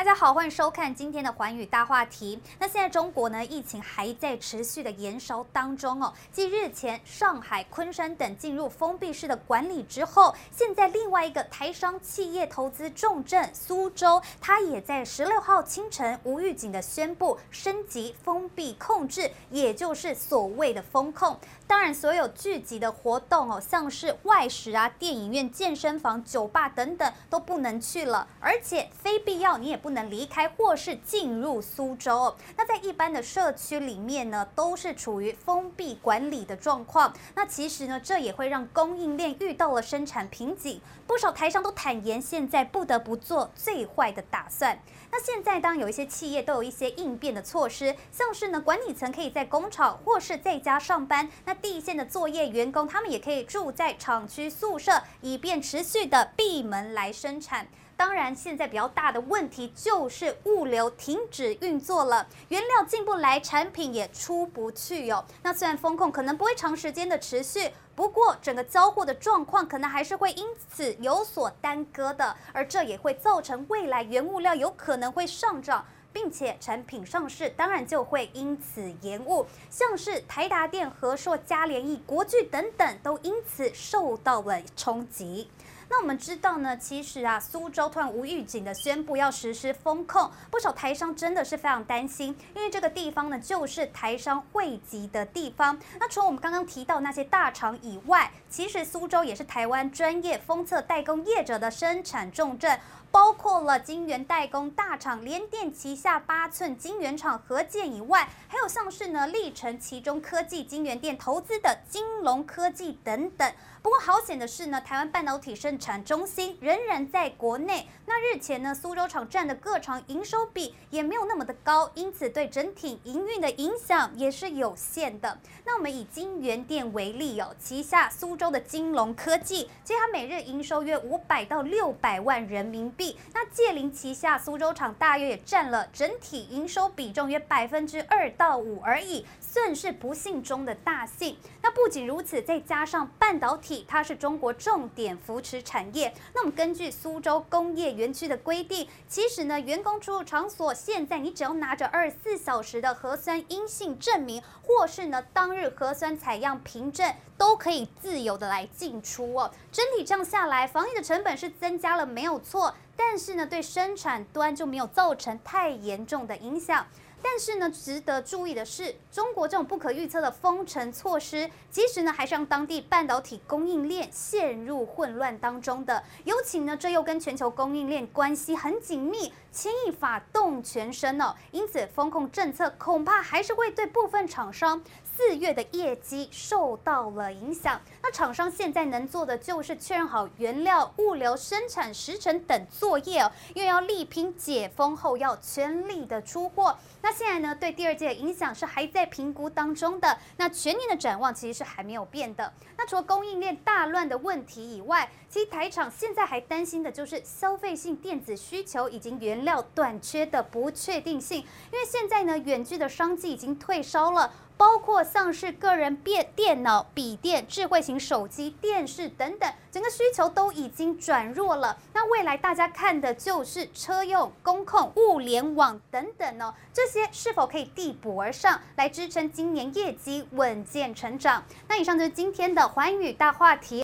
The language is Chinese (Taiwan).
大家好，歡迎收看今天的《寰宇大話題》。那現在中國呢，疫情還在持續的延燒當中哦。繼日前上海、昆山等進入封閉式的管理之後，現在另外一個台商企業投資重鎮蘇州，它也在十六號清晨無預警的宣布升級封閉控制，也就是所謂的封控。當然，所有聚集的活動哦，像是外食啊、電影院、健身房、酒吧等等都不能去了，而且非必要你也不。不能離開或是進入蘇州，那在一般的社區裡面呢，都是處於封閉管理的狀況。那其實呢，這也會讓供應鏈遇到了生產瓶頸，不少台商都坦言，現在不得不做最壞的打算。那現在，當有一些企業都有一些應變的措施，像是呢，管理層可以在工廠或是在家上班，那第一線的作業員工他們也可以住在廠區宿舍，以便持續的閉門來生產。當然，現在比較大的問題就是物流停止運作了，原料進不來，產品也出不去喲、哦。那雖然封控可能不會長時間的持續，不過整個交貨的狀況可能還是會因此有所耽擱的，而這也會造成未來原物料有可能會上漲，並且產品上市當然就會因此延誤。像是台達電、和碩、嘉聯益、益國巨等等，都因此受到了衝擊。那我們知道呢，其實啊，蘇州突然無預警的宣布要實施封控，不少台商真的是非常擔心，因為這個地方呢，就是台商匯集的地方。那除了我們剛剛提到那些大廠以外，其實蘇州也是台灣專業封測代工業者的生產重鎮，包括了金源代工大廠聯電旗下八寸金源廠合建以外，還有像是呢歷城其中科技、金源店投資的金融科技等等。不過好險的是呢，台灣半導體生產中心仍然在國內。那日前呢，蘇州廠占的各廠營收比也沒有那麼的高，因此對整體營運的影響也是有限的。那我們以京元電為例哦，旗下蘇州的京隆科技，其實它每日營收約五百到六百萬人民幣。那借靈旗下蘇州廠大約也占了整體營收比重約百分之二到五而已，算是不幸中的大幸。那不僅如此，再加上半導體。它是中國重點扶持產業。那麼根據蘇州工業園區的規定，其實呢，員工出入場所現在你只要拿着二十四小時的核酸陰性證明，或是呢，當日核酸採樣憑證，都可以自由的來進出哦。整體這樣下來，防疫的成本是增加了，沒有錯。但是呢，對生產端就沒有造成太嚴重的影響。但是呢，值得注意的是，中國這種不可預測的封城措施，其實呢，還是讓當地半導體供應鏈陷入混亂當中的。尤其呢，這又跟全球供應鏈關係很緊密，牽一髮動全身哦。因此，封控政策恐怕還是會對部分廠商四月的業績受到了影響。那廠商現在能做的就是確認好原料、物流、生產時程等作。作業，因為要力拼解封後要全力的出貨。那現在呢，對第二季的影響是還在評估當中的。那全年的展望其實是還沒有變的。那除了供應鏈大亂的問題以外，其實台廠現在還擔心的就是消費性電子需求以及原料短缺的不確定性。因為現在呢，遠距的商機已經退燒了，包括像是個人變電腦、筆電、智慧型手機、電視等等，整個需求都已經轉弱了。那未來大家。看的就是車用、工控、物聯網等等哦，這些是否可以遞補而上來支撐今年業績穩健成長？那以上就是今天的寰宇大話題。